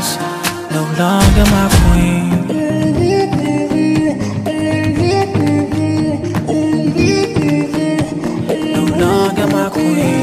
was no longer my queen. No longer my queen.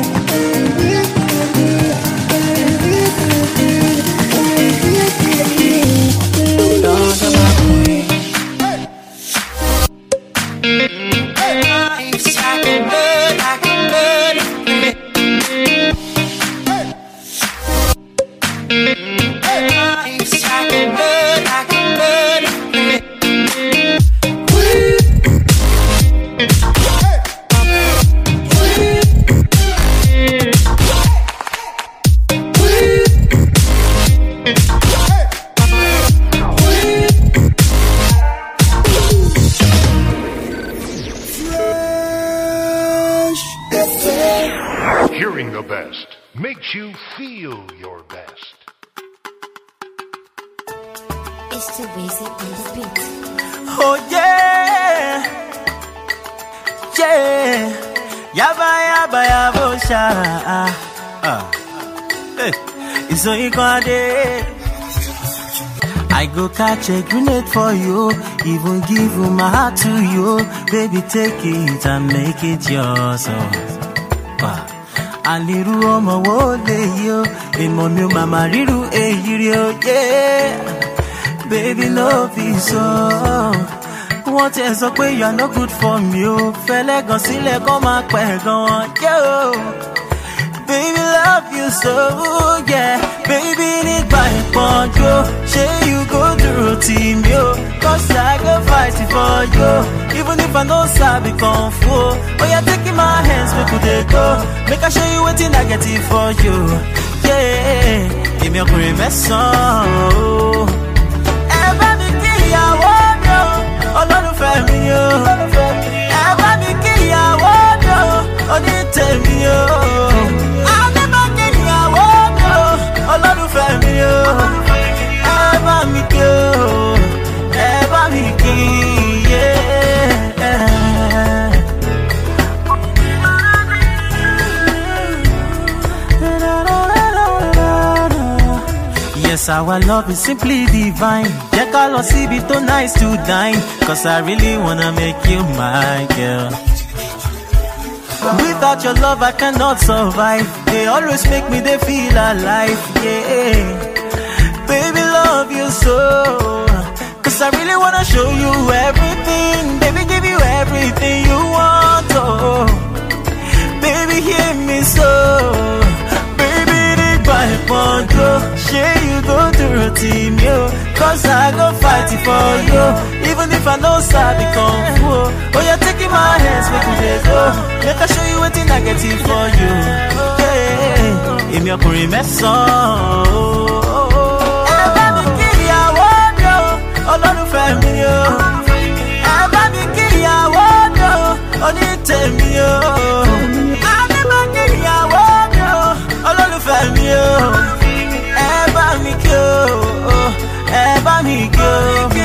check grenade for you. Even give my heart to you. Baby, take it and make it yours. Oh. Wow. àlìrú ọmọ wo lè yí o èmọ̀ mi ò màmá ríru èyí rí o mama riru eyi ri Yeah, baby love is so. wọ́n ti ẹ̀ sọ pé you are no good for me o oh. fẹ́lẹ́ gan sílẹ̀ kọ́ máa pẹ̀ on yé baby love you so yeah baby. Team me, Cause I go fight for you Even if I know sabi kung fu Oh, you're taking my hands, make they go Make I show you what I get it for you Yeah, give me a great mess on Ẹ̀bá mi kí eh, ìyàwó mi o, oh, mi o. Ẹ̀bá mi kí ìyàwó mi o, onítẹ̀mí o. Àbíbá kí ìyàwó mi o, olólùfẹ́ mi o. Cause our love is simply divine. Yeah, call us CB too nice to dine. Cause I really wanna make you my girl. Without your love, I cannot survive. They always make me they feel alive. Yeah, baby, love you so. Cause I really wanna show you everything. Baby, give you everything you want. Oh, baby, hear me so buy a pound, go. Share you go to routine, yo. Cause I go fight it for you. Even if I know Sabi Kung poor. Oh, you're taking my hands, make me go. Let me show you what I get it for you. Yeah, yeah, yeah. mẹ́sàn-án. Ẹ bá mi kí ìyàwó mi me you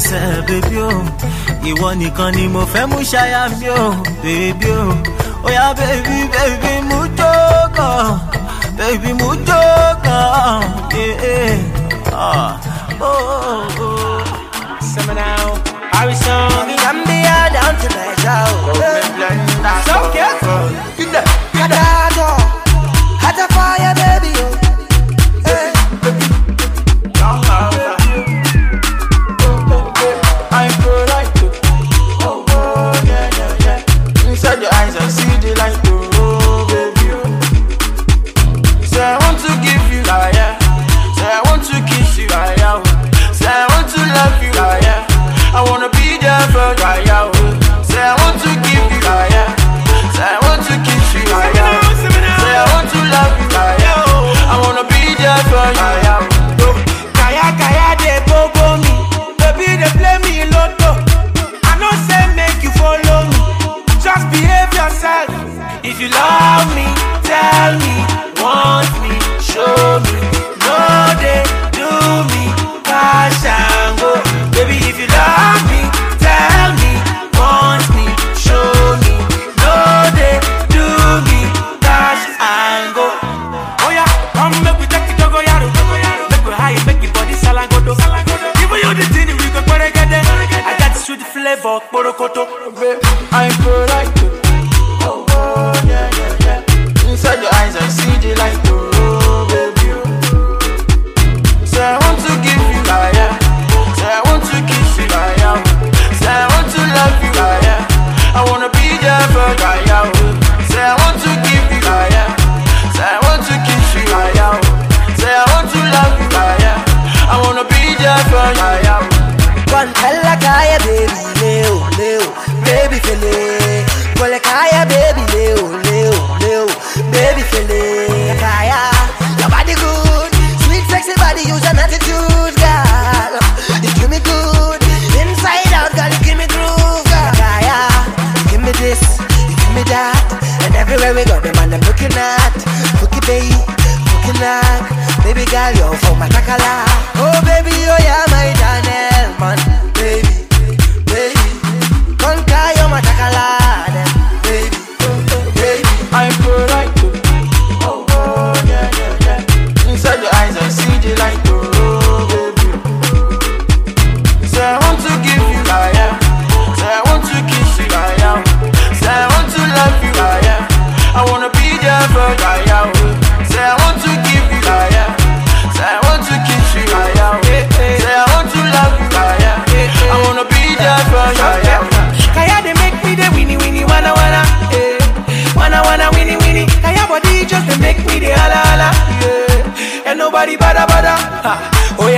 Baby, oh, o ìwọ nìkan ni mo fẹ́ mú ṣáyà mi o bèbí oh, oya bèbí bèbí mú jókòó bèbí mú jókòó. Seminal, Harrison, Gambia down to the Niger. Some careful, get that, get that. get fire. tell me, tell me.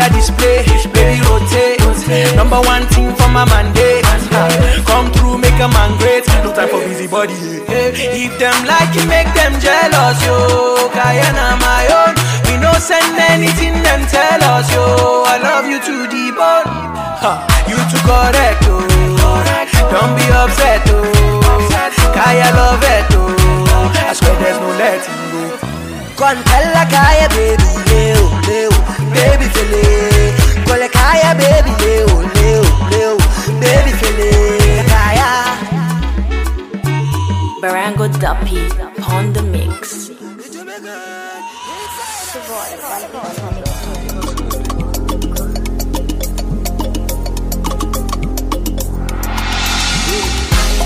fire display, baby rotate. Number one thing for my mandate. Come through, make a man great. No time for busybody. If them like it, make them jealous, yo. Guyana my own. We no send anything them tell us, yo. I love you to the bone. You too correct, yo. Oh. Don't be upset, yo. Oh. Kaya love it, yo. Oh. I swear there's no letting go. Con tell a Kaya baby, yeah, oh, baby fele Kole kaya baby leo leo leo baby fele kaya Barango Duppy on the mix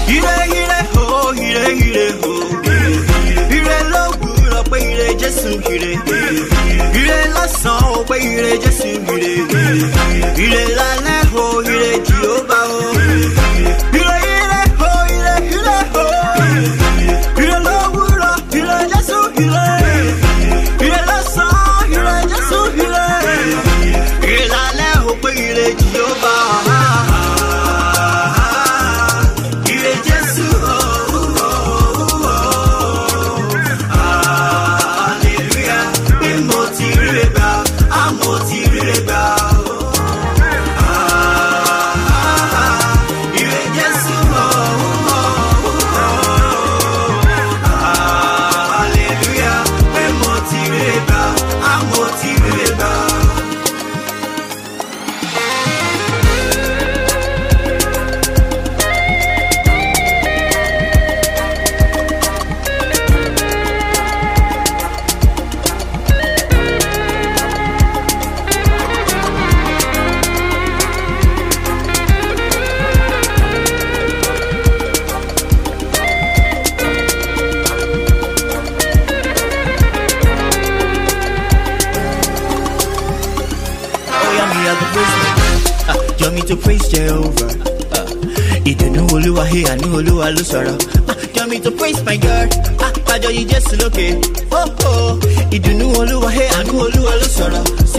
Hire hire ho hire hire ho hire hire ho. pé ire Jésù ire ire lọ́sàn ó pé ire Jésù ire ire lálẹ́ o ire Jèhófà o.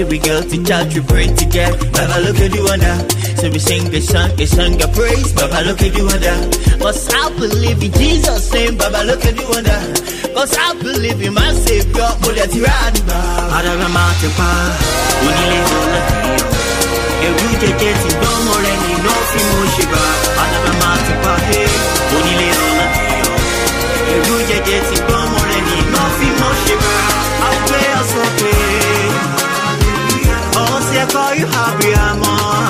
we go to church, we pray together. Baba look at the wonder. So we sing a song, a song of praise. Baba look at the wonder. Cause I believe in Jesus' name. Baba look at the wonder. Cause I believe in my Savior. Muda tiradiba. Adara matepa. Unile dola tiyo. Ewu jeje ti domo ni no fi mo shiba. Adara matepa he. Unile dola tiyo. Ewu jeje ti domo ni no fi mo shiba. I'll play us up call you happy amor.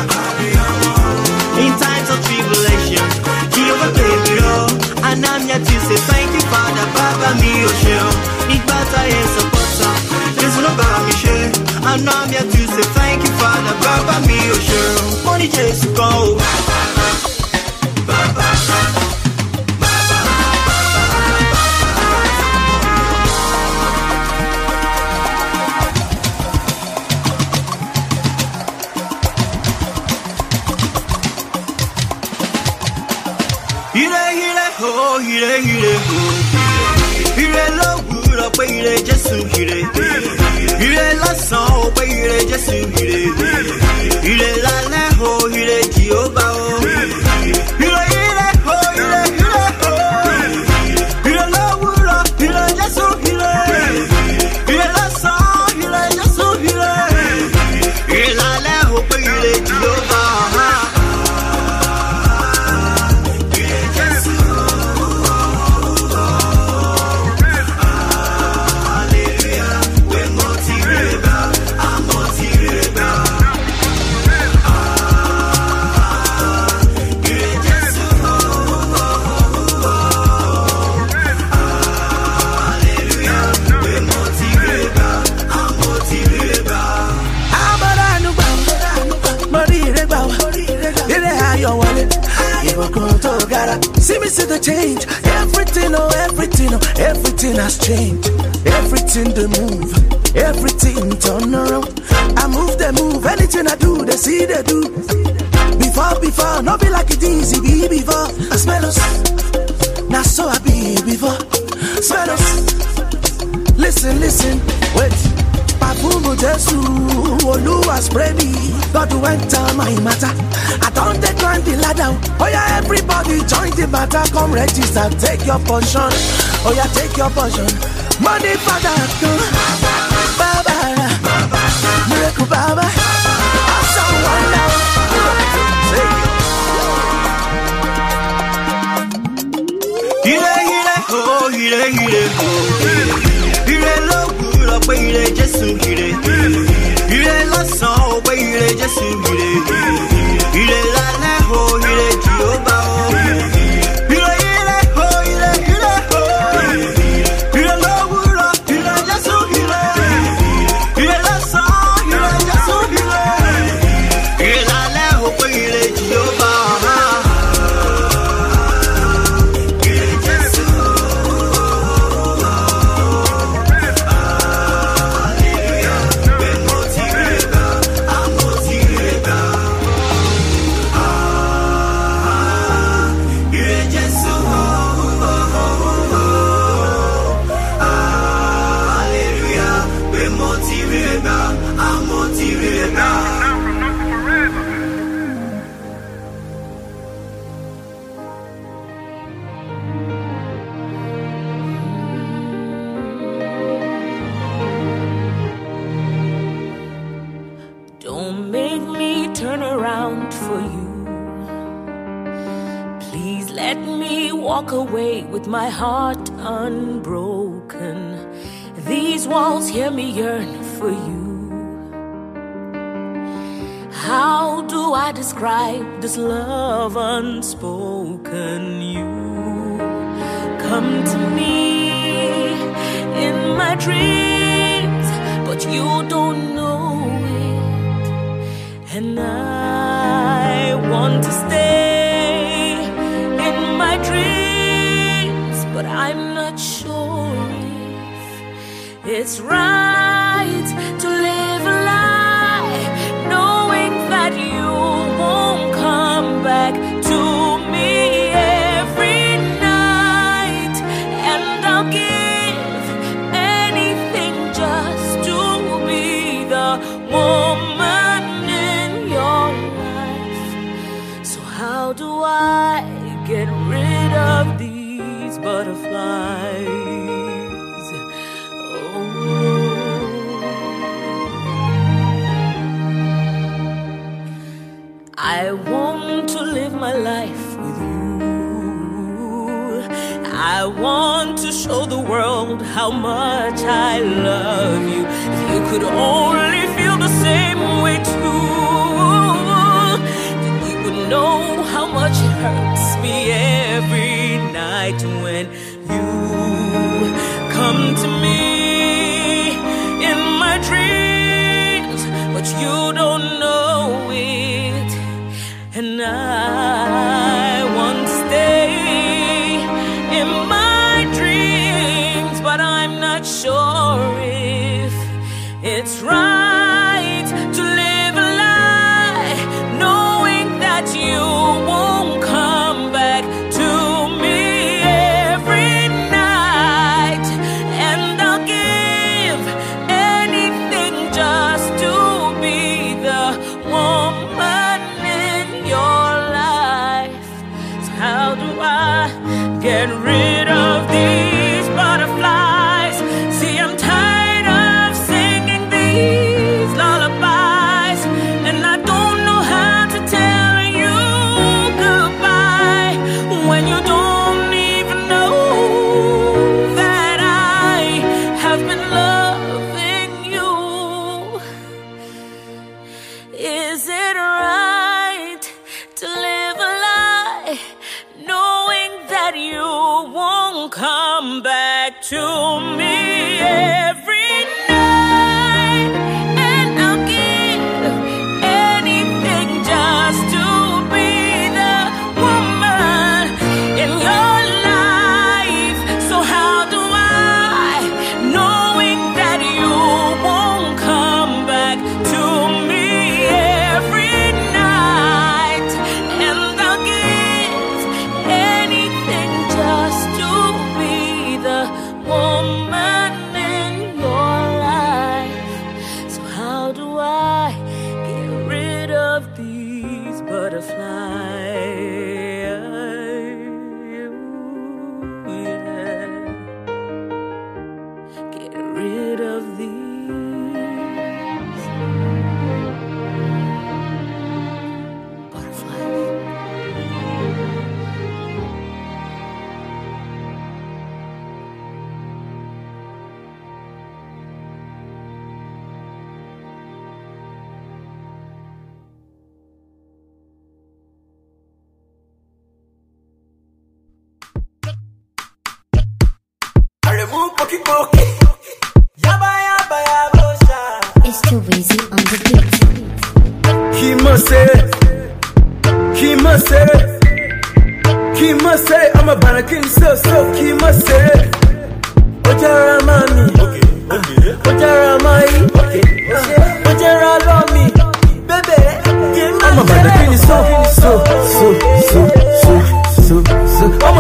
In times of tribulation, give a baby oh. And I'm here to say thank you, Father, me mi o ṣeun. Ìgbà táyé sọpọ́tọ̀, Jésù There's no mi ṣe. And I'm here to say thank you, Father, Baba mi o oh, ṣeun. Mo ní Jésù kan o. o ire ire o. Ire lówùúrọ̀ pé ire Jésù ire. Ire lọ́sàn-án o pé ire Jésù ire. Ire lálẹ́ o ire Jèhófà. see the change. Everything, oh, everything, oh, everything has changed. Everything they move, everything turn around. I move, they move. Anything I do, they see, they do. Before, before, not be like it easy, be before. I smell us, now so I be before. Smell us, listen, listen, wait. Papumu Jesu, Oluwa spread me. God went down my matter. I don't take climb the ladder. Oh yeah, everybody join the battle. Come register, take your portion. Oh yeah, take your portion. Money for that, come. Baba, miracle Baba. Awesome wonder. Ire ire ho, ire ire ho, ire lo wu lo pe ire Jesu ire ire.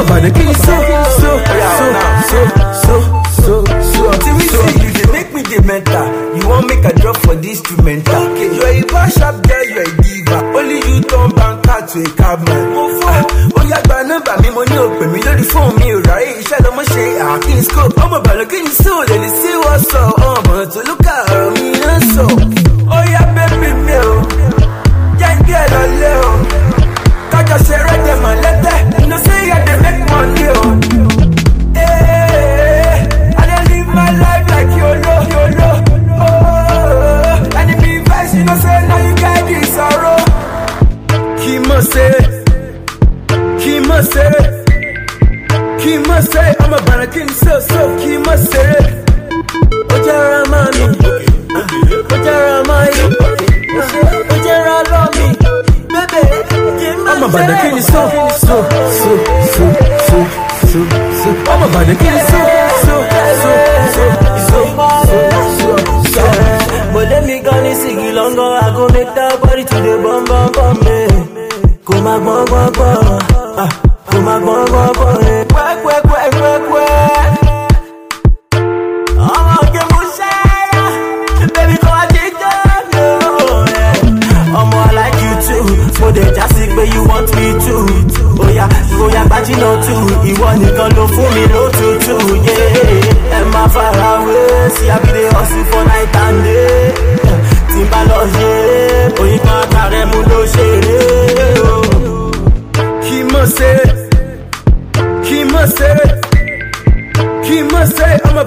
baba dey give me so so so so so so so until me say you dey make me dey mental you wan make i drop for this instrumental you are a bad sharp girl you are a diva only you turn banker to a cabman ah, ó yá gba nọ́mbà mi mo ní òpè mi lórí fóònù mi ò ráyè iṣẹ́ lọ́mọ ṣe àkíní scope ọmọ bàlọ́ kí ni so, òde ní sí wọ́n sọ.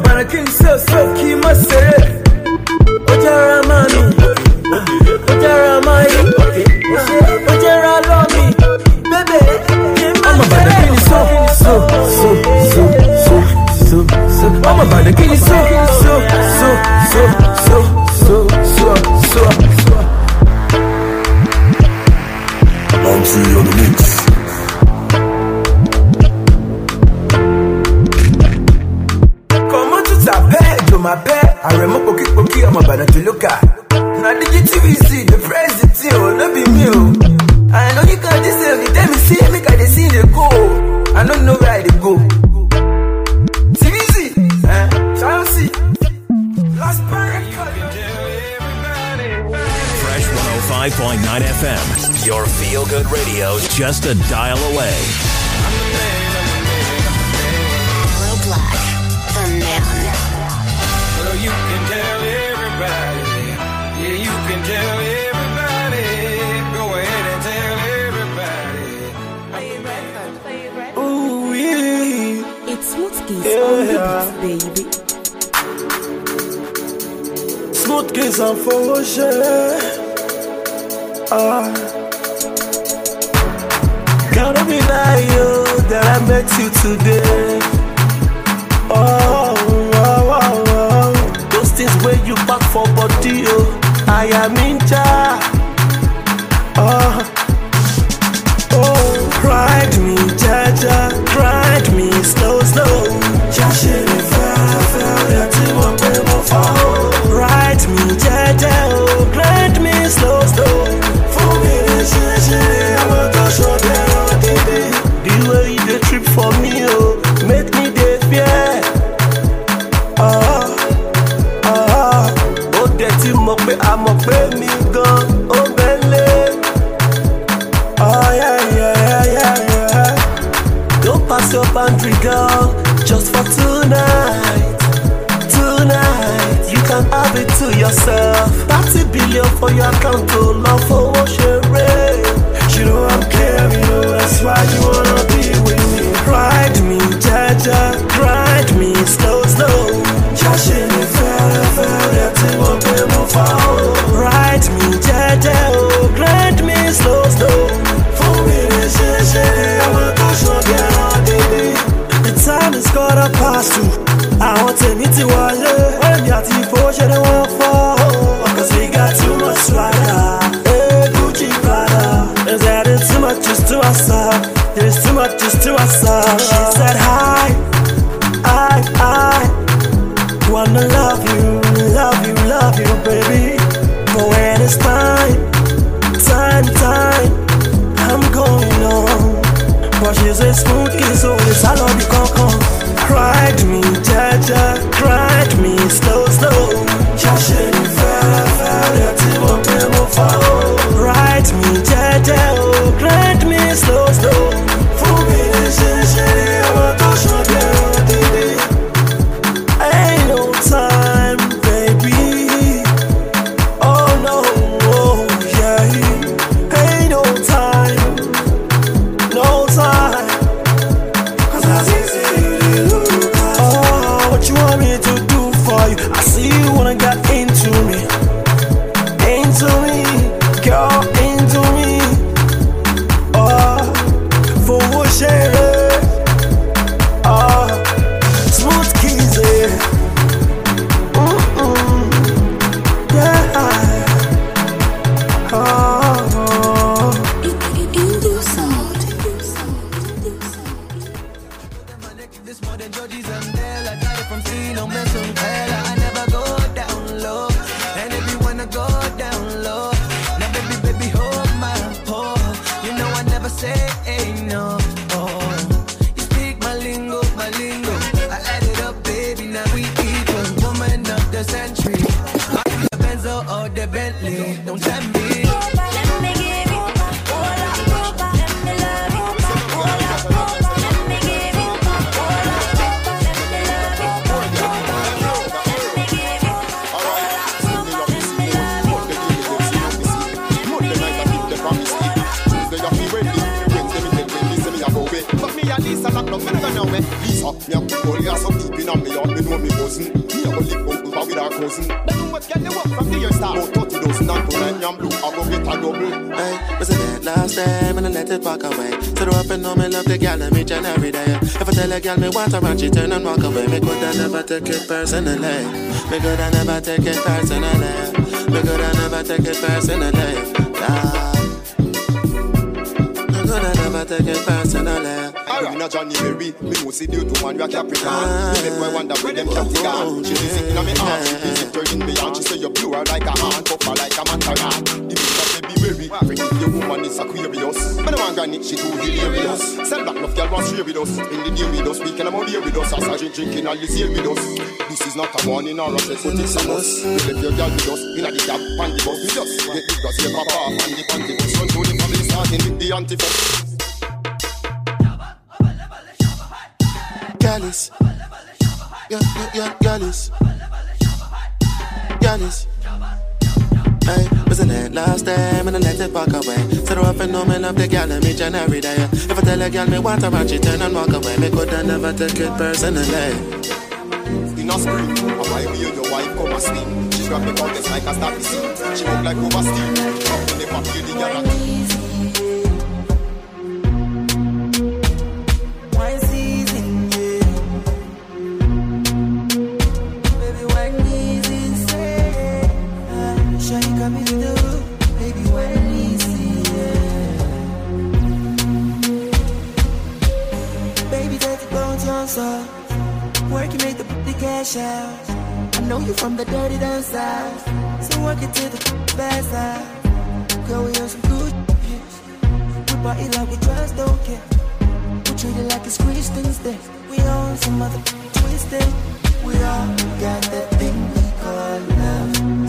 banakin so so ki mase Ojara manu Ojara mai Ojara lomi baby. I'm a banakin so so so so so so I'm a banakin here to do for you. I see you when I got Aquarius. Man, i want to granny, she too hilarious. Sell back enough, girl, want share with us. In the day with us, we can have beer with us. As drink, drinking, all this here with us. This is not a morning or a threat, but it's a must. We left your girl with us, in a the cab, and the bus with us. Get the girls here, papa, and the panty bus. Run to the family, starting with the antifa. Gallus. Yeah, yeah, yeah, Gallus. Gallus. Hey, wasn't it last time? And I let it walk away. Said her up and no man up the gal and me and every day. If I tell a gal me want her and she turn and walk away, me could never take it personally. In a spring, a wife you your wife come a steam. She grab the contest like a staffy She look like over steam. Up in the pop, you the gal. hands off. Work, you make the booty cash out. I know you from the dirty dance side, So work it to the bad side. Girl, we on some good shit. We party like we trust, don't care. We treat it like it's Christmas Day. We on some other twisted. We all got that thing we call love.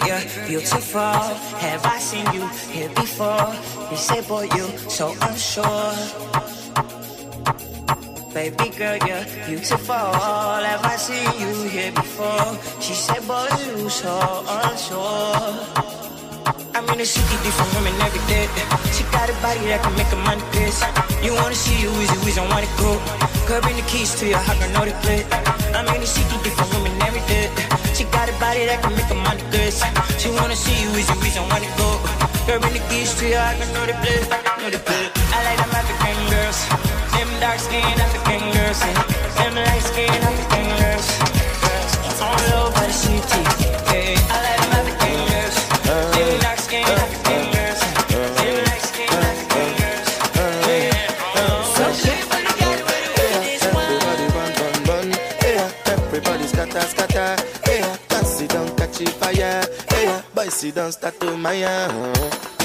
girl, you're beautiful. Have I seen you here before? You say, boy, you so unsure. Baby girl, you're beautiful. Have I seen you here before? She said, boy, you so unsure. I mean, in she city, different women every day. She got a body that can make a man piss. You wanna see you easy, we do wanna go. Girl, the keys to your heart, I know the play. I mean, in she city, different women every day. She got a body that can make a money girls. She wanna see you is the reason why to go. Girl, when the keys to your heart, I know the place, know the place. I like them African girls, them dark skin African girls, them light skin African girls. All over the city. accidents tattoo my arm.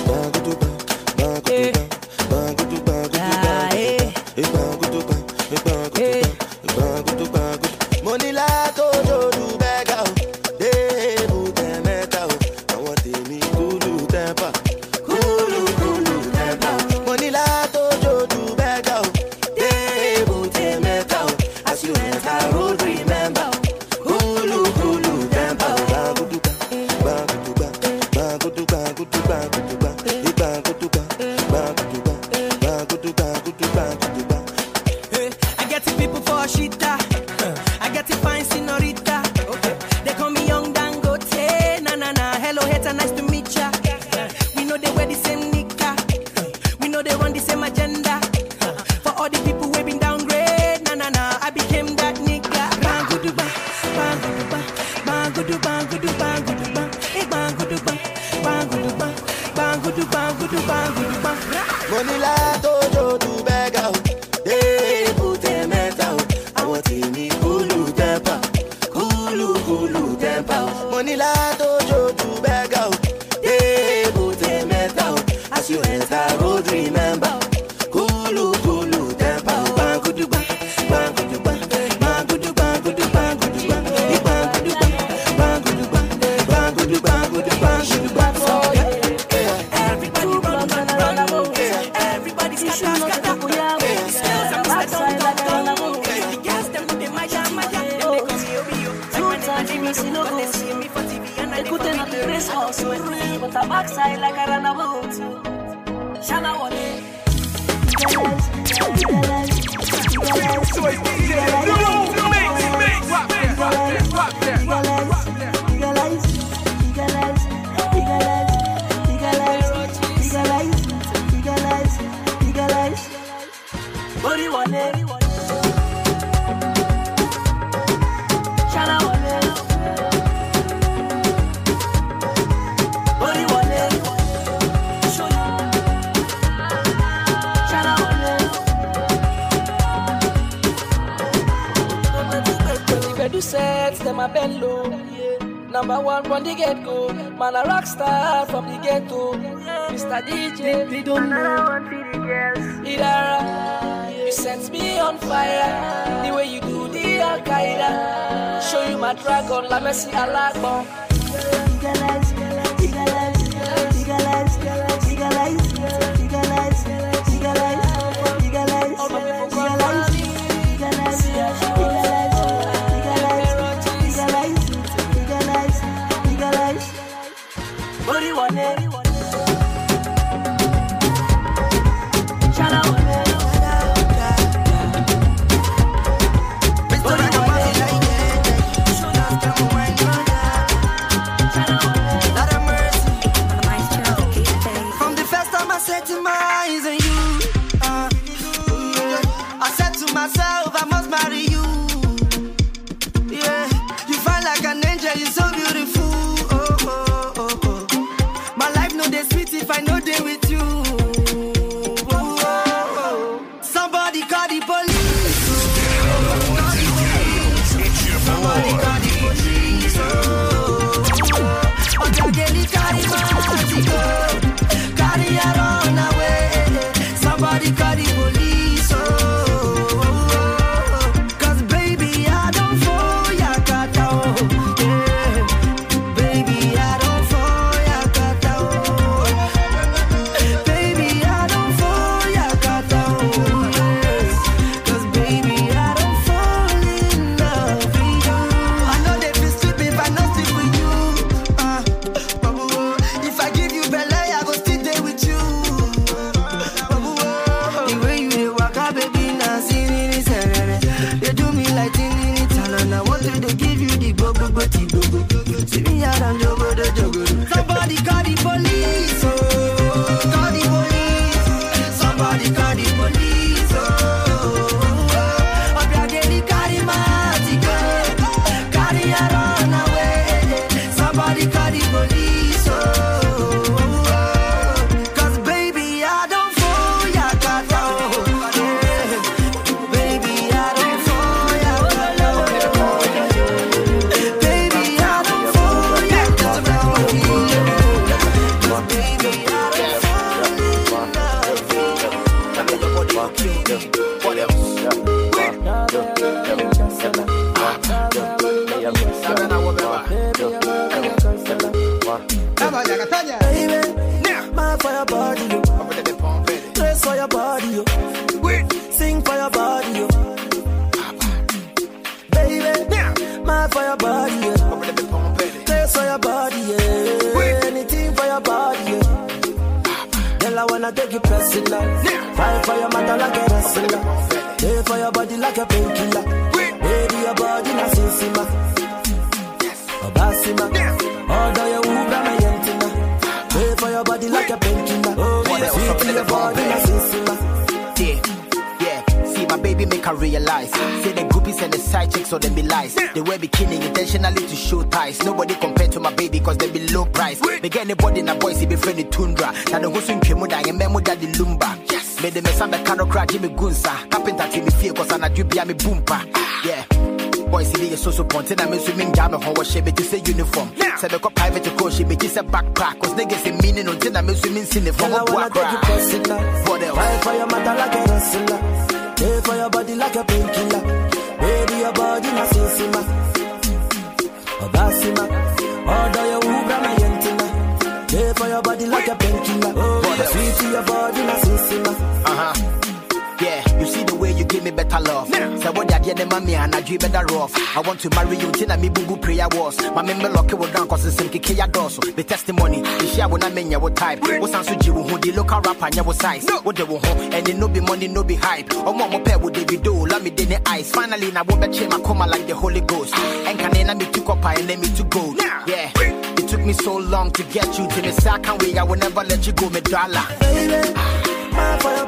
Bangudu bang, bangudu eh. bang, bangudu bangudu ah, bang, eh. eh, bangudu bang, bangudu bang. Hello, are nice to meet ya. sets me on fire. The way you do the Al Qaeda, show you my dragon, la Messi à la 왜 저그 signal. Fight for your matter like a wrestler. Pay for your body like a painkiller. Baby, your body na sisima. Obasima. Order your Uber, my yentina. Pay for your body like a painkiller. Oh, yeah. Sweet your body na sisima. Yeah baby make her realize. Say the groupies and the side chicks or them be lies. They wear bikini intentionally to show ties. Nobody complains because they be low price. Make anybody in a boy, see be friendly tundra. Now the goose in Kemuda, and memo that the lumba. Yes. Made the mess up the cano crack, Jimmy Gunsa. that Timmy Fear, cause I'm not you be a me boompa. Yeah boys see the so and I'm assuming jam a whole shape just a uniform. Say the private to coach me just a backpack cause niggas in meaning until I'm swimming sin from a black rock. What for your mother like a wrestler. Pay for your body like a pay be an mammy and I dream better off. I want to marry you, Tina me boo prayer was. My member lock will down cause it's Simki Kia Dosso. The testimony, the share when I mean your type. What's Ansuji, who the local rapper and your size. What they will home, and then no be money, no be hype. Or oh, more pair would they be do, let me dinner eyes. Finally, now what betray my coma like the Holy Ghost. And can I me to copper and let me to go. Yeah. It took me so long to get you to the second way. I will never let you go, me dollar. Baby, my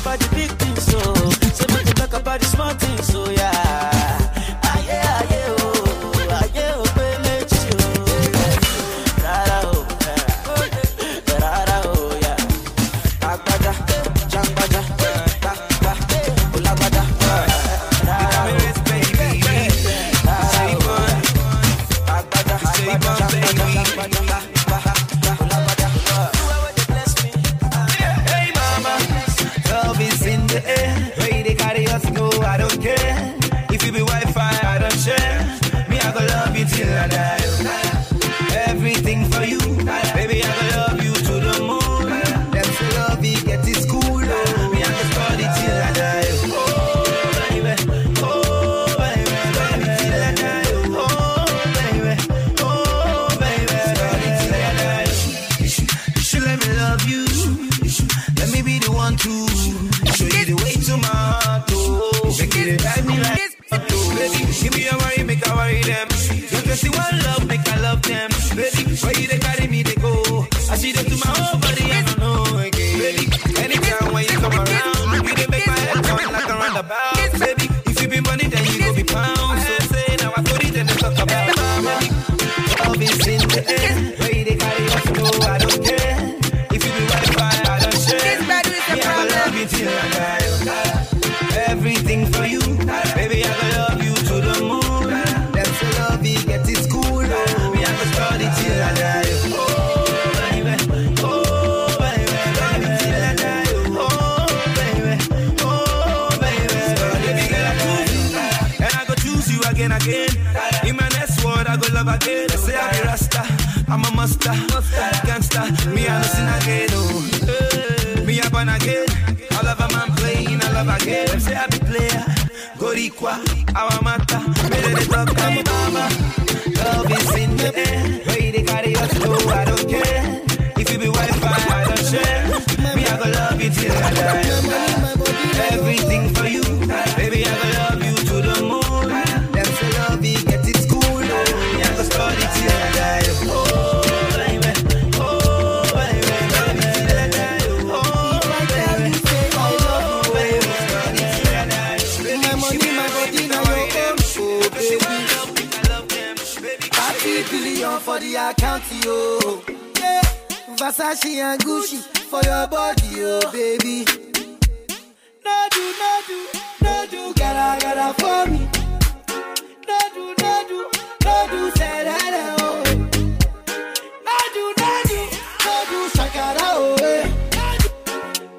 Você tá de picar. They say I be Rasta, I'm a master, gangster. Me I no sin again, oh. Me I born again. I love a man playing, I love a game. Them say I be player, Gorikwa, our matter. Me they talk to me mama. Love is in the air. Way they carry us, to? I don't care. If you be Wi-Fi, I don't share. Me I go love you till I die. party, oh. Yeah. Versace and Gucci for your body, oh, baby. No do, no do, no do, gotta, gotta for me. No do, no do, no do, say that, oh. No do, no do, no do, shakara, oh,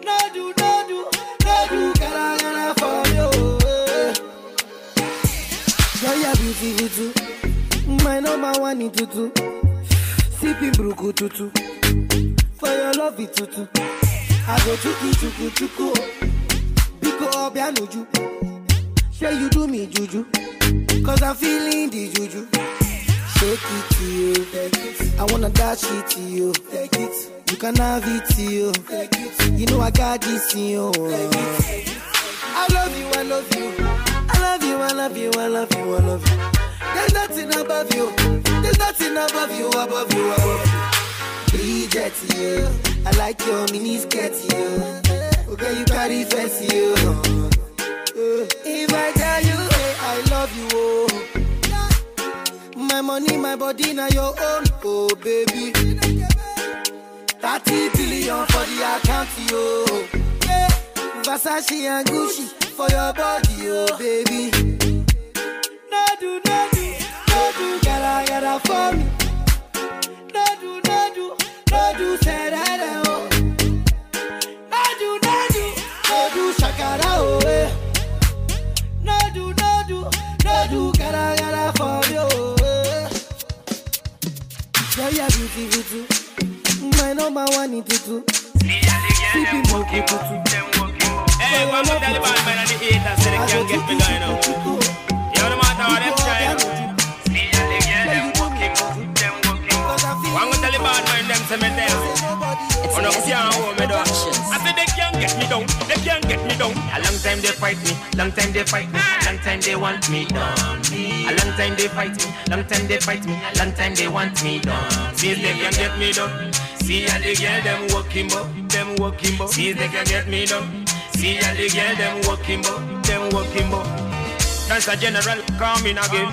No do, no do, no do, gotta, gotta for me, oh, eh. Girl, you're beautiful too. My number one is tutu. Sipping bruku tutu. For your love it tutu. I go chuku chuku chuku. Biko obia nuju. Say you do me juju. Cause I'm feeling the juju. Shake it to you. I wanna dash it to you. Take it. You can have it to you. Take it. You know I got this in you. I love you, I love you love you, I love you, I love you, I love you. There's nothing above you. There's nothing above you, above you, above you. Bridget, you. I like your mini skirt, you. Okay, you carry you. If I tell you, hey, I love you, oh. My money, my body, now your own, oh baby. 30 billion for the account, you. Yeah. Versace and Gucci for your body, oh baby. No do, no do, no do, gotta, for me. No do, no do, no do, said I don't. Oh. No do, no do, no do, shakara, oh eh. No do, no do, no do, gotta, for me, oh Yeah, yeah, beauty, beauty. Oh, my number one, it is two. Sleeping, monkey, tutu. Hey, I'm oh, i said they can't get me down, they can't get me down A long time they fight me, long time they fight me Long time they want me down A long time they fight me, long time they fight me long time they want me down See they can't get me down See how the get them walking up, them walking up See they can get me done. See all the girl them walking up, them walking up. That's a general coming again.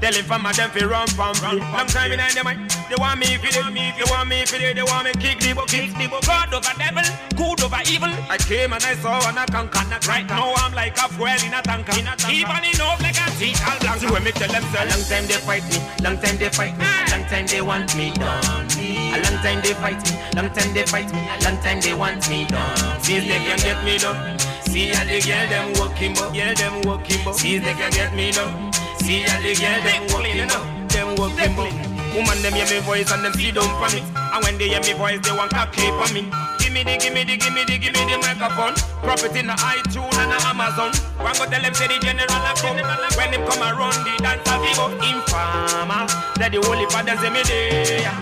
Tell him from a them fi run from me. Long time in the mind. They want me fi they, they want me fi they, they want me kick the book, kick the book. God over devil, good over evil. I came and I saw and I conquered. Right now I'm like a fuel in a tanker. Even in off like a seat all blank. See when me tell them sell. Long time they fight me, long time they fight me, long time they want me done. A long time they fight me, long time they fight me, a long time they want me done. Since they can get me done. See how the girl them walking, up, girl them walking, up. see the make you get me now. See all the girl them walking you know, them walking up. Woman them hear me voice and them see don't me. And when they hear me voice, they want to keep on me. Give me the, give me the, give me the, give me the microphone. Profit in the iTunes and the Amazon. One go tell them say the general a come. When them come around the dance, I go informer. That the holy father say me there.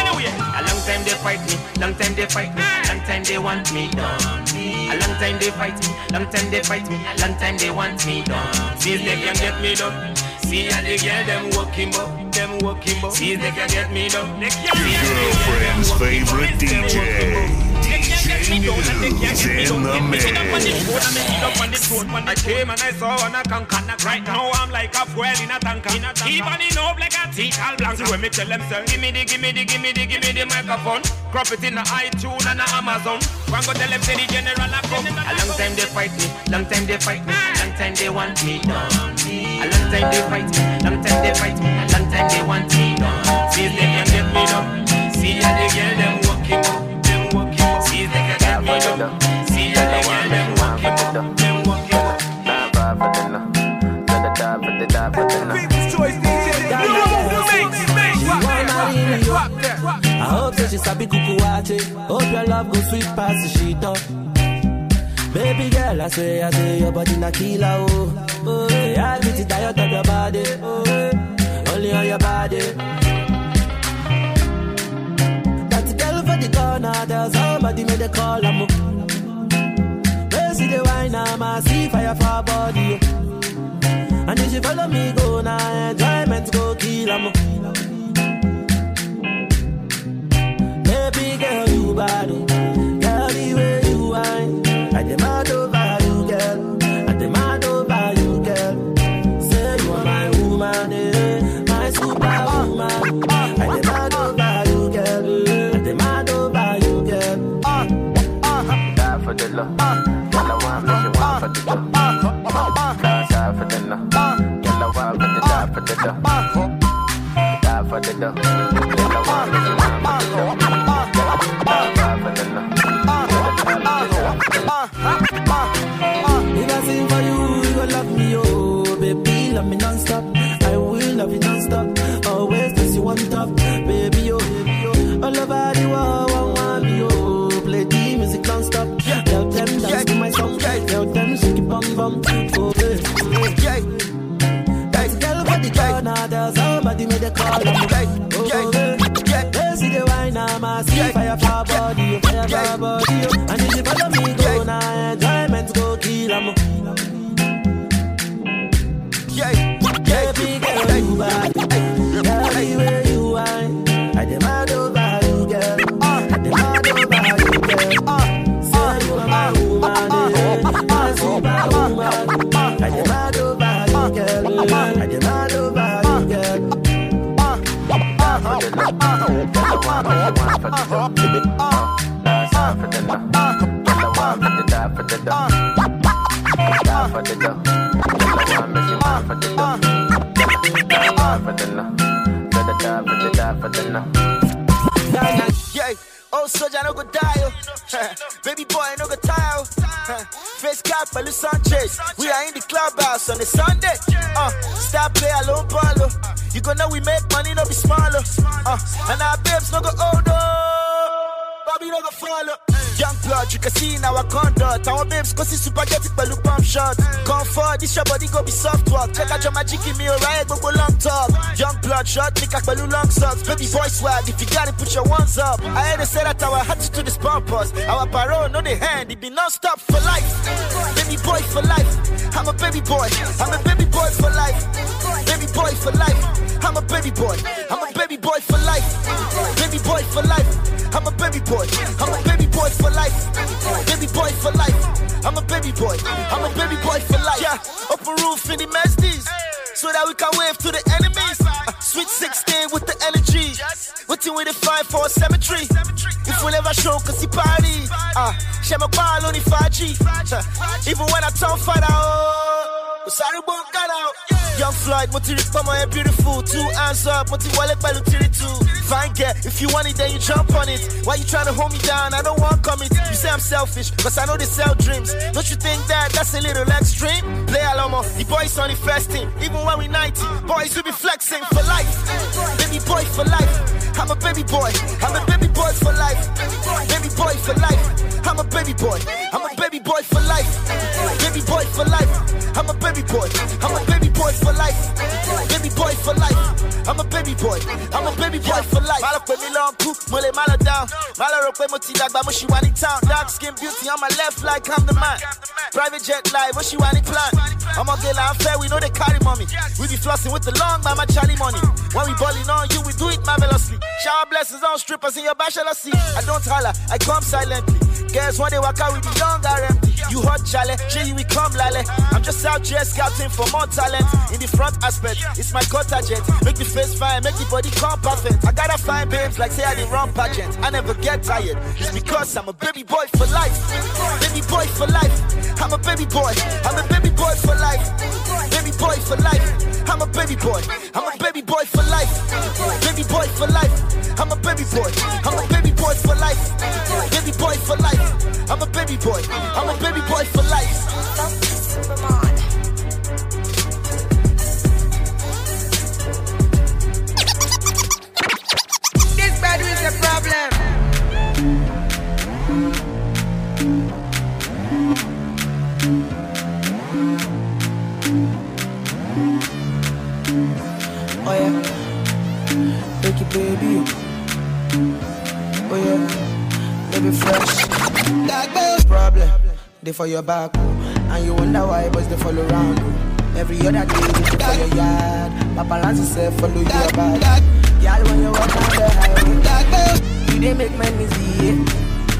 Anyway, a long time they fight me, long time they fight me, long time they want me done. A long time they fight me, long time they fight me, long time they want me done. See if they can get me done. See how they get them walking up, them walking up. See if they can get me done. Your girlfriend's favorite DJ me down and they can and I came and I saw and I now I'm like a fuel in a tanker. Even in up like a teeth all blank. When me tell them, sir, give me the, give me the, give me the, give me the microphone. Crop it in the iTunes and the Amazon. One go tell them, say the general I come. A long time they fight me, long time they fight me, long time they want me down. A long time they fight me, long time they fight me, a long time they want me down. See they can get me down, see how they get them walking up. See want to I hope she sabi kuku wache. Hope your love go sweet past the sheet up. Baby girl, I swear I say, your body na killer, oh. Oh, yeah, I out of your body, oh. Only on your body. the corner, tell somebody make they call I'm up. Where see the wine, I'm a see fire for body. And if you follow me, go now, enjoyment go kill I'm up. Baby girl, you bad. Oh. Show. Hey. Oh, soldier, no go oh. Baby boy, no go oh. Face cap, Lu Sanchez. We are in the clubhouse on a Sunday. Uh, stop play alone, Paulo. You gonna we make money, no be smaller. Oh. And our babes oh no go out, oh, Bobby no go follow. Young blood, you can see in our conduct. Our babes go see spaghetti pẹ̀lú pump shot. Comfort, this your body go be soft work. Check out your magic in me, alright, gbogbo long talk. Young blood, shot, I pẹ̀lú long socks. Baby boy swag, if you got it, put your ones up. I had to say that our attitude this purpose. Our parole, no the hand, it be non-stop for life. Baby boy for life. I'm a baby boy. I'm a baby boy for life. Baby boy for life. I'm a baby boy. I'm a baby boy for life. Baby boy for life. I'm a baby boy. I'm a baby boy for life. Baby boy for life. I'm a baby boy. I'm a baby boy for life. Yeah, open roof in the Mazdies. So that we can wave to the enemies. Uh, sweet 16 with the energy. What you waiting five for a cemetery. If we never show, cause he party. Uh, share my ball on the 5G. Uh, even when I talk, fight out. Oh. Sorry, bon cut out. Young Floyd, mo ti rí pọ́mọ beautiful. Two hands up, mo ti wọlé pẹ̀lú tiri two. Fine girl, if you want it, then you jump on it. Why you trying to hold me down? I don't want coming. You say I'm selfish, cause I know they sell dreams. Don't you think that that's a little extreme? Play Alomo, the boys on the first team. Even when we 90, boys will be flexing for life. Baby boy for life. I'm a baby boy. I'm a baby boy for life. Baby boy for life. I'm a baby boy. I'm a baby boy for life. Baby boy for life. I'm a baby baby boy. I'm a baby boy for life. Baby boy for life. I'm a baby boy. I'm a baby boy for life. Mala pe mi long poop, mo le down. Mala rokwe moti dag ba dagba mo town. Dark skin beauty on my left like I'm the man. Private jet life, what she want plan. I'm a girl I'm fair, we know they carry mommy. We be flossing with the long by my Charlie money. When we balling on you, we do it marvelously. Shower blessings on strippers in your bachelor seat. I don't holler, I come silently. Guess when they walk out we be young are empty. You chale. Jay, we come lale. I'm just out here scouting for more talent. In the front aspect, it's my cutter jet. Make me face fine, make the body come perfect. I gotta find babes like say I didn't run pageant. I never get tired. It's because I'm a baby boy for life. Baby boy for life. I'm a baby boy. I'm a baby boy for life. Baby boy for life. I'm a baby boy. I'm a baby boy for life. Baby boy for life. I'm a baby boy. I'm a baby boy for life. Baby boy for life. I'm a baby boy. I'm a baby boy for life. This bad is a problem. Oh yeah, make it baby. Oh yeah, baby fresh. Dark girl problem. They for your back, oh. and you wonder why boys they follow around. Oh. Every other day they that, for your yard. Papa Lance said follow your back. That, Y'all when you walk down the highway, that You they make men easy.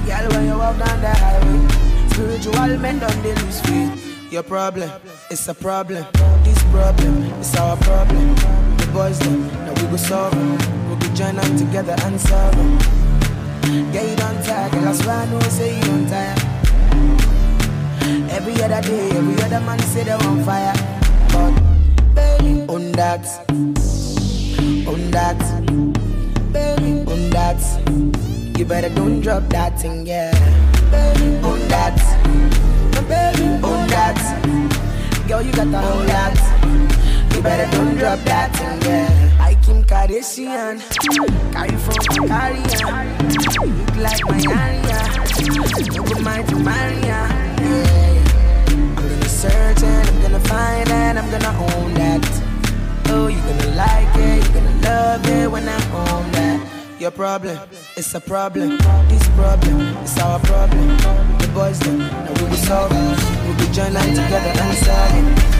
Yeah. Y'all when you walk down the highway, spiritual men don't they lose faith. Your problem, it's a problem. This problem, it's our problem. The boys them, now we go solve them. We go join them together and solve them. Yeah, you don't tire, girl, I swear I know, say you don't tire. Every other day, every other man say they're on fire. But, baby, on that, on that, baby, on that. You better don't drop that thing, yeah. Baby, on that, baby, on that. Girl, you got the whole lot. You better don't drop that thing, yeah. Caribbean, carry from Carrier, look like my area, open mind my Maria. I'm gonna search and I'm gonna find and I'm gonna own that. Oh, you're gonna like it, you're gonna love it when I'm on that. Your problem, it's a problem. This problem, it's our problem. The boys, them, now we will solve it. We'll be joined together and solving. it.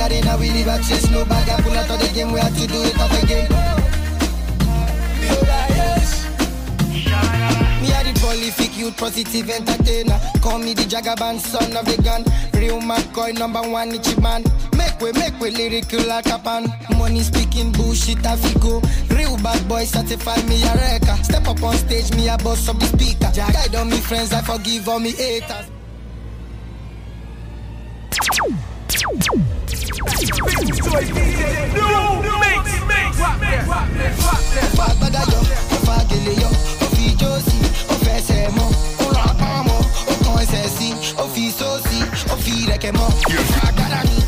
arena, we live at chase. No bag, I pull out of the game. We have to do it up again. We alright, yes. Me oh, are the prolific youth positive entertainer. Call me the Jagaban, son of the gun. Real McCoy, number one Ichiban. man make way, make way, lyrical like a pan. Money speaking bullshit, I go. Real bad boy, certify me a wrecker. Step up on stage, me a boss up the speaker. Jack. Guide on me friends, I forgive all me haters. Bàgbàdàyọ̀ kò fagilé yọ, mọ́, mọ́.